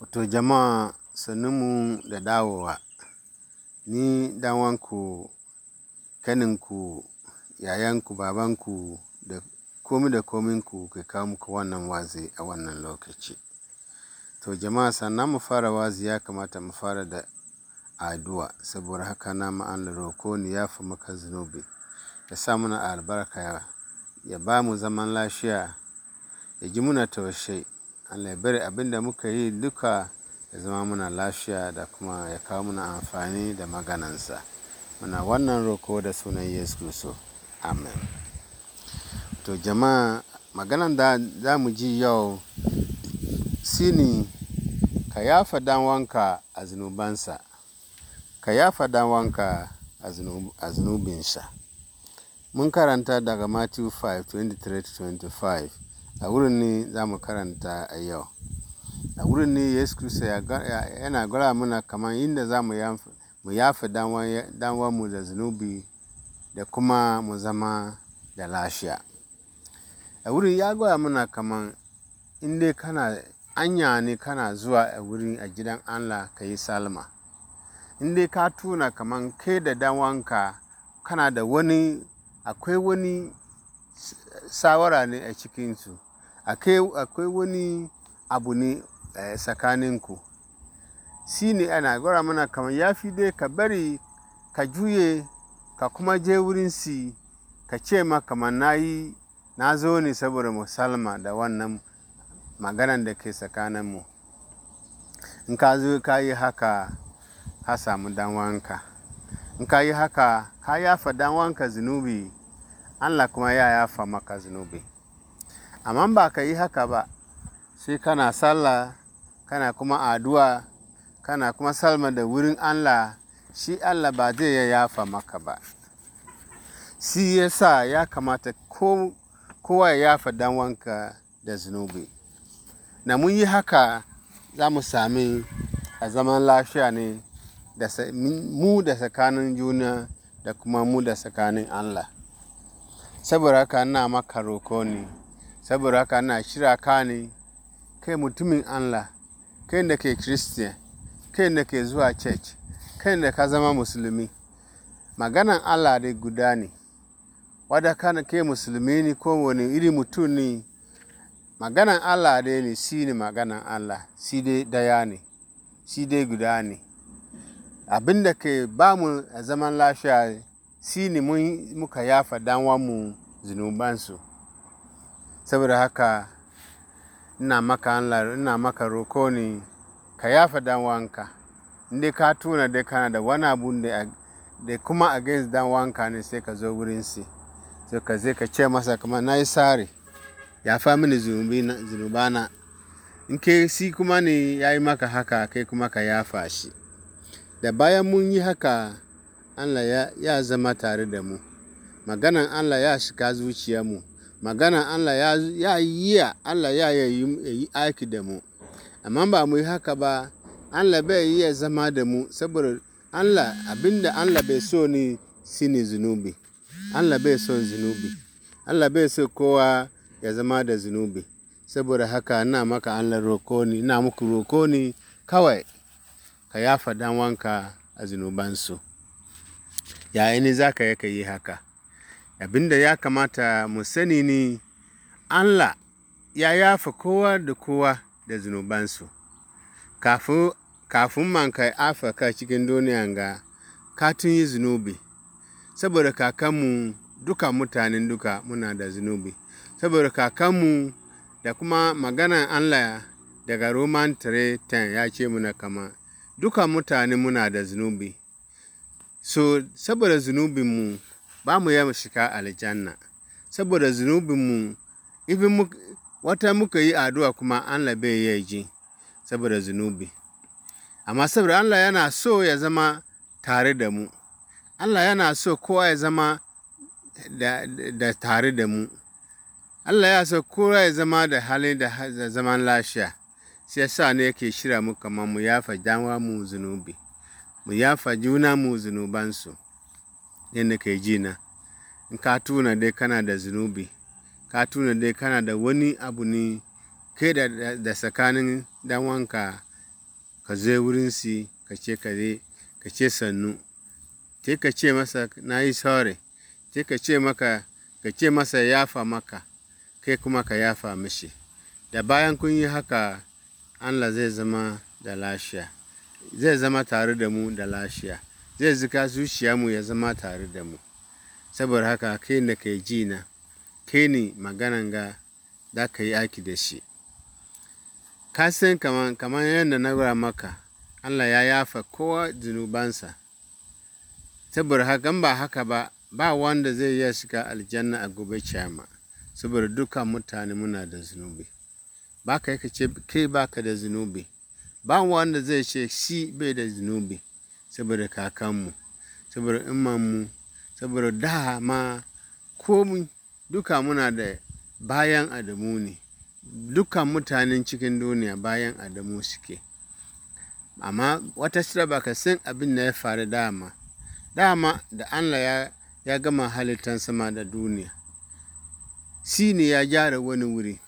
Wato jama'a sannunmu da dawowa, ni dawanku kaninku, yayanku, babanku da komi da kominku ke kawo muku wannan wazi a wannan lokaci. To jama'a sannan mu fara wazi ya kamata mu fara da addu'a saboda haka na ma'ana roko ni ya fi maka zunubi, ya sa muna albarka, ya ba mu zaman lafiya, ya ji muna taushe. Allah ya abin da muka yi duka ya zama muna lafiya da kuma ya kawo muna amfani da maganansa muna wannan roko da sunan yesu kristo amen to jama'a maganan da za mu ji yau sini ka yafa dan wanka a zunubansa ka yafa dan wanka a zunubinsa mun karanta daga matthew 5 25 a wurin ne za mu karanta a yau a wurin ne yesu kristo yana gwara mana kamar inda za mu yafa mu da zunubi da kuma mu zama da lafiya a wurin ya gwara mana kamar inda kana anya ne kana zuwa a wurin a gidan allah ka yi salma inda ka tuna kamar kai da danwanka kana da wani akwai wani sawara ne a cikinsu akwai wani abu ne eh, tsakaninku shi ne ana gwara mana kamar ya fi dai ka bari ka juye ka kuma je wurin si ka ce ma kamar na yi na zo ne saboda musalma da wannan maganan da ke tsakaninmu in ka zo ka yi haka ka samu danwanka in ka yi haka ka yafa danwanka zunubi allah kuma ya yafa maka zunubi amma ba ka yi haka ba sai kana sallah kana kuma addu'a kana kuma salma da wurin allah shi allah ba zai ya yafa maka ba shi yasa ya kamata kowa ya yafa danwanka da zunubi na mun yi haka za mu sami a zaman lafiya ne mu da tsakanin juna da kuma mu da tsakanin allah saboda haka ina maka roko ne saboda haka ana shira ka ne kai mutumin Allah kai da ke Christian kai da ke zuwa church kai da ka zama musulmi maganan Allah dai guda ne wadda kana kai musulmi ne ko wani iri mutum ne maganan Allah dai ne si ne maganan Allah si dai daya ne si dai guda ne abin da ke ba mu zaman lafiya si ne muka yafa danwa mu zunubansu saboda haka ina maka Allah ina maka roko ne ka yafa dan wanka inda ka tuna dai kana da wani abu da kuma against dan wanka ne sai ka zo wurin sai sai ka zai ka ce masa kuma na yi sare ya fa mini zunubana in ke si kuma ne ya maka haka kai kuma ka yafa shi da bayan mun yi haka allah ya, zama tare da mu maganan allah ya shiga zuciyarmu mu magana Allah ya yiya Allah ya yi aiki da mu amma ba mu yi haka ba Allah bai a zama da mu saboda Allah abinda Allah bai so ne shine zunubi Allah bai son zunubi Allah bai so kowa ya zama da zunubi saboda haka ina maka Allah roko ni ina muku roko ni kawai ka yafa dan wanka a zunubansu yayin za ka yi haka abinda ya kamata mu sani ne allah ya yafa kowa da kowa da zunubansu kafin man ka afaka cikin duniya ga katun yi zunubi saboda kakanmu duka mutanen duka muna da zunubi saboda kakanmu da kuma maganan allah daga roman 3:10 ya ce muna kama duka mutane muna da zunubi so saboda zunubinmu ba mu iya shiga aljanna saboda zunubinmu in wata muka yi addu'a kuma Allah bai yi ji saboda zunubi amma saboda Allah yana so ya zama tare da mu Allah yana so kowa ya zama da, da tare da mu Allah ya so kowa ya zama da halin da zaman lafiya sai sa ne yake shira mu kamar mu yafa damuwa mu zunubi mu yafa juna mu zunubansu na ka ji na. In ka tuna dai kana da zunubi, ka tuna dai kana da wani abu ne kai da, da, tsakanin dan wanka ka zo wurin si ka ce ka ce sannu. te ka ce masa na yi sorry, te ka ce maka ka ce masa yafa maka, kai kuma ka yafa mashi. Da bayan kun yi haka Allah zai zama da lashiya zai zama tare da mu da lafiya. zai zika mu ya zama tare da mu saboda haka kai ne kai ji na kai ne maganan ga da ka yi aiki da shi ka san kaman kaman yadda na gura maka Allah ya yafa kowa zunubansa saboda haka ba haka ba ba wanda zai iya shiga aljanna a gobe ciyama saboda dukkan mutane muna da zunubi ba ka yi ka ce kai ba ka da zunubi ba wanda zai ce shi bai da zunubi saboda kakanmu saboda imanmu saboda da ma komi duka muna da bayan adamu ne dukkan mutanen cikin duniya bayan adamu suke amma wata sira ba ka san abin da ya faru dama dama da allah ya, ya gama halittar sama da duniya shi ne ya gyara wani wuri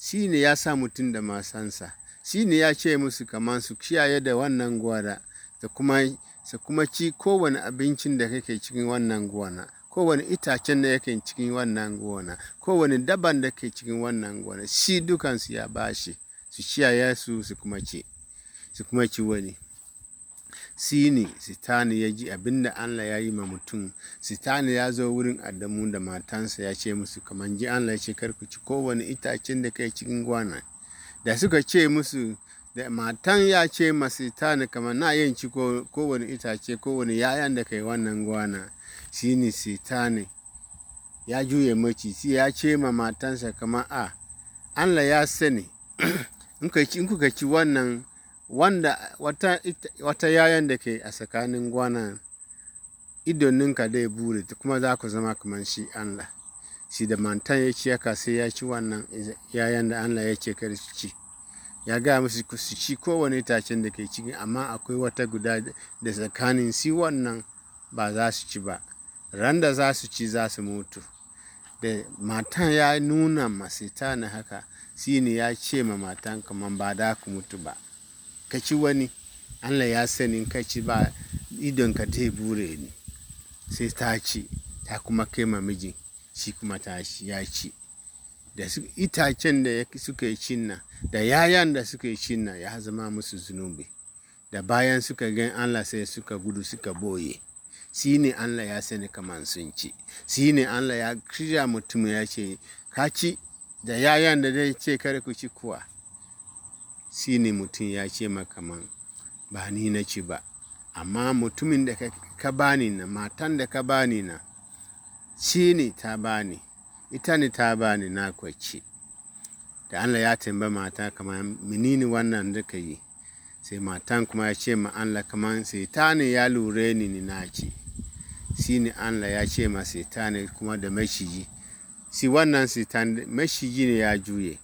shi ne ya sa mutum da masansa shi ne ya ce musu kamar su kiyaye da wannan gwada da kuma su kuma ci kowane abincin da kake cikin wannan gona kowane itacen da yake cikin wannan gona kowane daban da ke cikin wannan gona shi dukansu ya bashi su ciyaya su su kuma ci su kuma ci wani sini sitani ya ji abin da allah ya yi ma mutum sitani ya zo wurin adamu da matansa ya ce musu kamar ji allah ya ce karku ci kowane itacen da kai cikin gwana da suka ce musu da matan ya ce masu ni kamar na yin ci kowane itace kowane yayan da kai wannan gwana shi ne sitani ya juye si ya ce ma matansa kamar a ah, allah ya sani in kuka ci wannan wanda wata, wata yayan da ke a tsakanin gwanan idoninka dai bure kuma za ku zama kamar shi allah shi da mantan ya ci ya sai ya ci wannan yayan da allah ya ce kar ci ya gaya musu su ci kowane itacen da ke ciki amma akwai wata guda da tsakanin si wannan ba za su ci ba randa da za su ci za su mutu da matan ya nuna masita na haka shi ne ya ce ma matan kaman ba da ku mutu ba ka ci wani allah ya sani ka ci ba idonka ta bure ni sai ta ci ta kuma kai ma mijin shi kuma ta ya ci da itacen da suka cin cinna da yayan da suka cin cinna ya zama musu zunubi da bayan suka gan Allah sai suka gudu suka boye shi ne Allah ya sani kamar sun ci shi ne Allah ya kira mutum ya ce ka da yayan da zai ce kare ku ci kuwa shi ne mutum ya ce makaman ba ni na ci ba amma mutumin da ka bani na matan da ka bani na shi ne ta bani ita ne ta bani na kwaci da Allah ya tambayi mata kamar menene wannan da ka yi sai matan kuma ya ce ma Allah kamar ne ya lura ni ni na ce shi ne Allah ya ce ma sai ta ne kuma da mashiji si wannan satan mashiji ne ya juye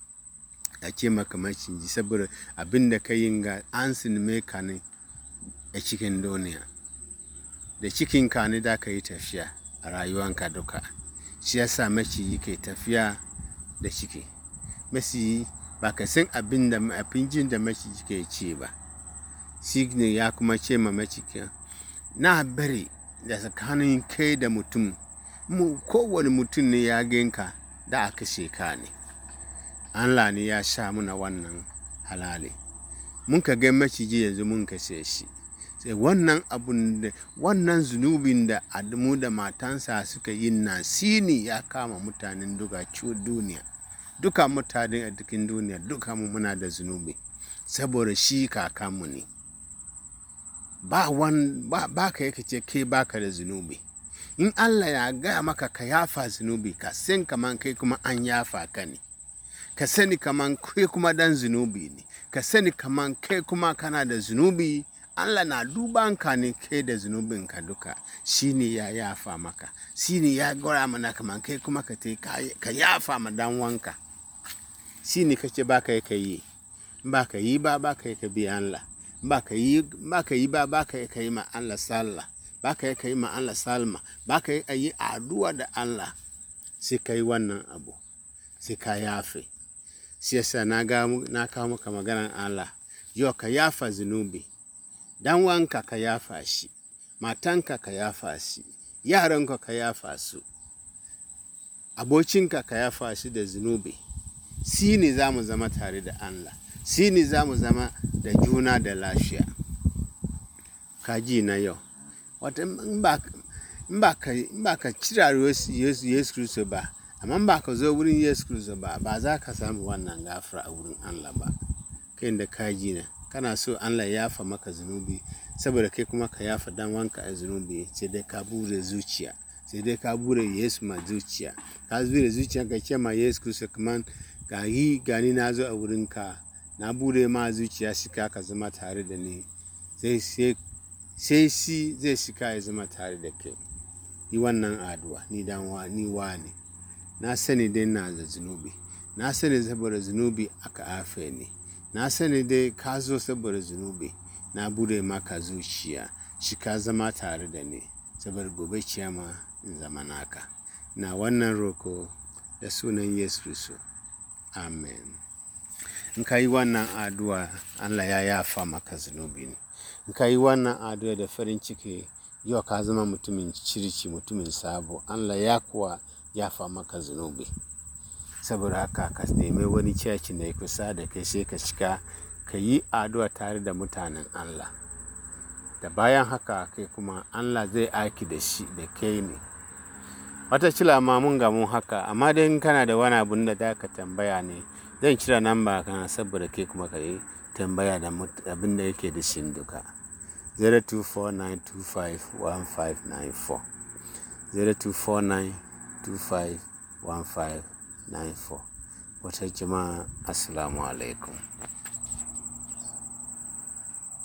ya ce maka maciji saboda abin da ka yi ga an sinime ka ne a cikin duniya da cikin ka ne da ka yi tafiya a rayuwanka duka shi ya sa maciji ke tafiya da ciki maciji ba ka san abin da jin da maciji ke ci ba signi ya kuma ce ma maciji na bari da tsakanin kai da mutum mu kowane mutum ne ya ganka da aka sheka ne Allah ne ya sha muna wannan halali mun ka ga maciji yanzu mun kashe shi sai wannan abun da wannan zunubin da adamu da matansa suka yi na sini ya kama mutanen duka duniya duka mutanen a cikin duniya duka mu muna da zunubi saboda shi kakanmu ne ba wan ba, ka yake ce ba ka da zunubi in Allah ya gaya maka ka yafa zunubi ka san kaman kai kuma an yafa ka ne ka sani kaman kai kuma dan zunubi ne ka sani kaman kai kuma kana da zunubi Allah na duban ka ne ke da zunubin ka duka ne ya yafa maka ne ya gora mana kama kai kuma ka te ka yafa ma dan wanka shi ne kace ba kai ka yi ba ka yi ba ba kai ka bi Allah ba ka yi ba ka yi ba ba kai ka yi ma Allah sallah ba kai ka yi ma Allah salma ba ka yi addu'a da Allah sai ka yi wannan abu sai ka yafe shi yasa na kawo maka maganar Allah yau ka yafa zunubi dan wanka ka yafa shi matanka ka yafa shi yaranka ka yafa su abocinka ka yafa shi da zunubi si ne za mu zama tare da allah si ne za mu zama da juna da lafiya kaji na yau wata in ba ka yesu kristo ba amma ba ka zo wurin yesu kristo ba ba za ka samu wannan gafara a wurin allah ba kai da kaji na kana so Allah ya yafa maka zunubi saboda kai kuma ka yafa dan wanka a zunubi sai dai ka bure zuciya sai dai ka bure Yesu ma zuciya ka bure zuciya ka ce ma Yesu Kristo kaman ga yi gani na zo a wurin ka na bure ma zuciya shika ka zama tare da ni sai sai shi zai shika ya zama tare da kai yi wannan aduwa ni dan wa ni wa ne na sani dai na da zunubi na sani saboda zunubi aka afe ni na sani dai ka zo saboda zunubi na bude maka zuciya shi ka zama tare da ni saboda gobe ciyama in zama naka na wannan roko da sunan yesu kristo amen in ka yi wannan addu'a allah ya yafa maka zunubi in ka yi wannan addu'a da farin ciki yau ka zama mutumin circi mutumin sabo allah ya kuwa yafa maka zunubi saboda haka ka nemi wani coci da kusa da kai sai ka shiga ka yi addu'a tare da mutanen Allah da bayan haka kai kuma Allah zai aiki da shi da kai ne wata cila ma mun gamu haka amma dai in kana da wani abun da ka tambaya ne zan cira namba kana saboda kai kuma ka yi tambaya da abin da yake da shi duka 0249251594 0249251594 94. Wata jima'a Assalamu alaikum.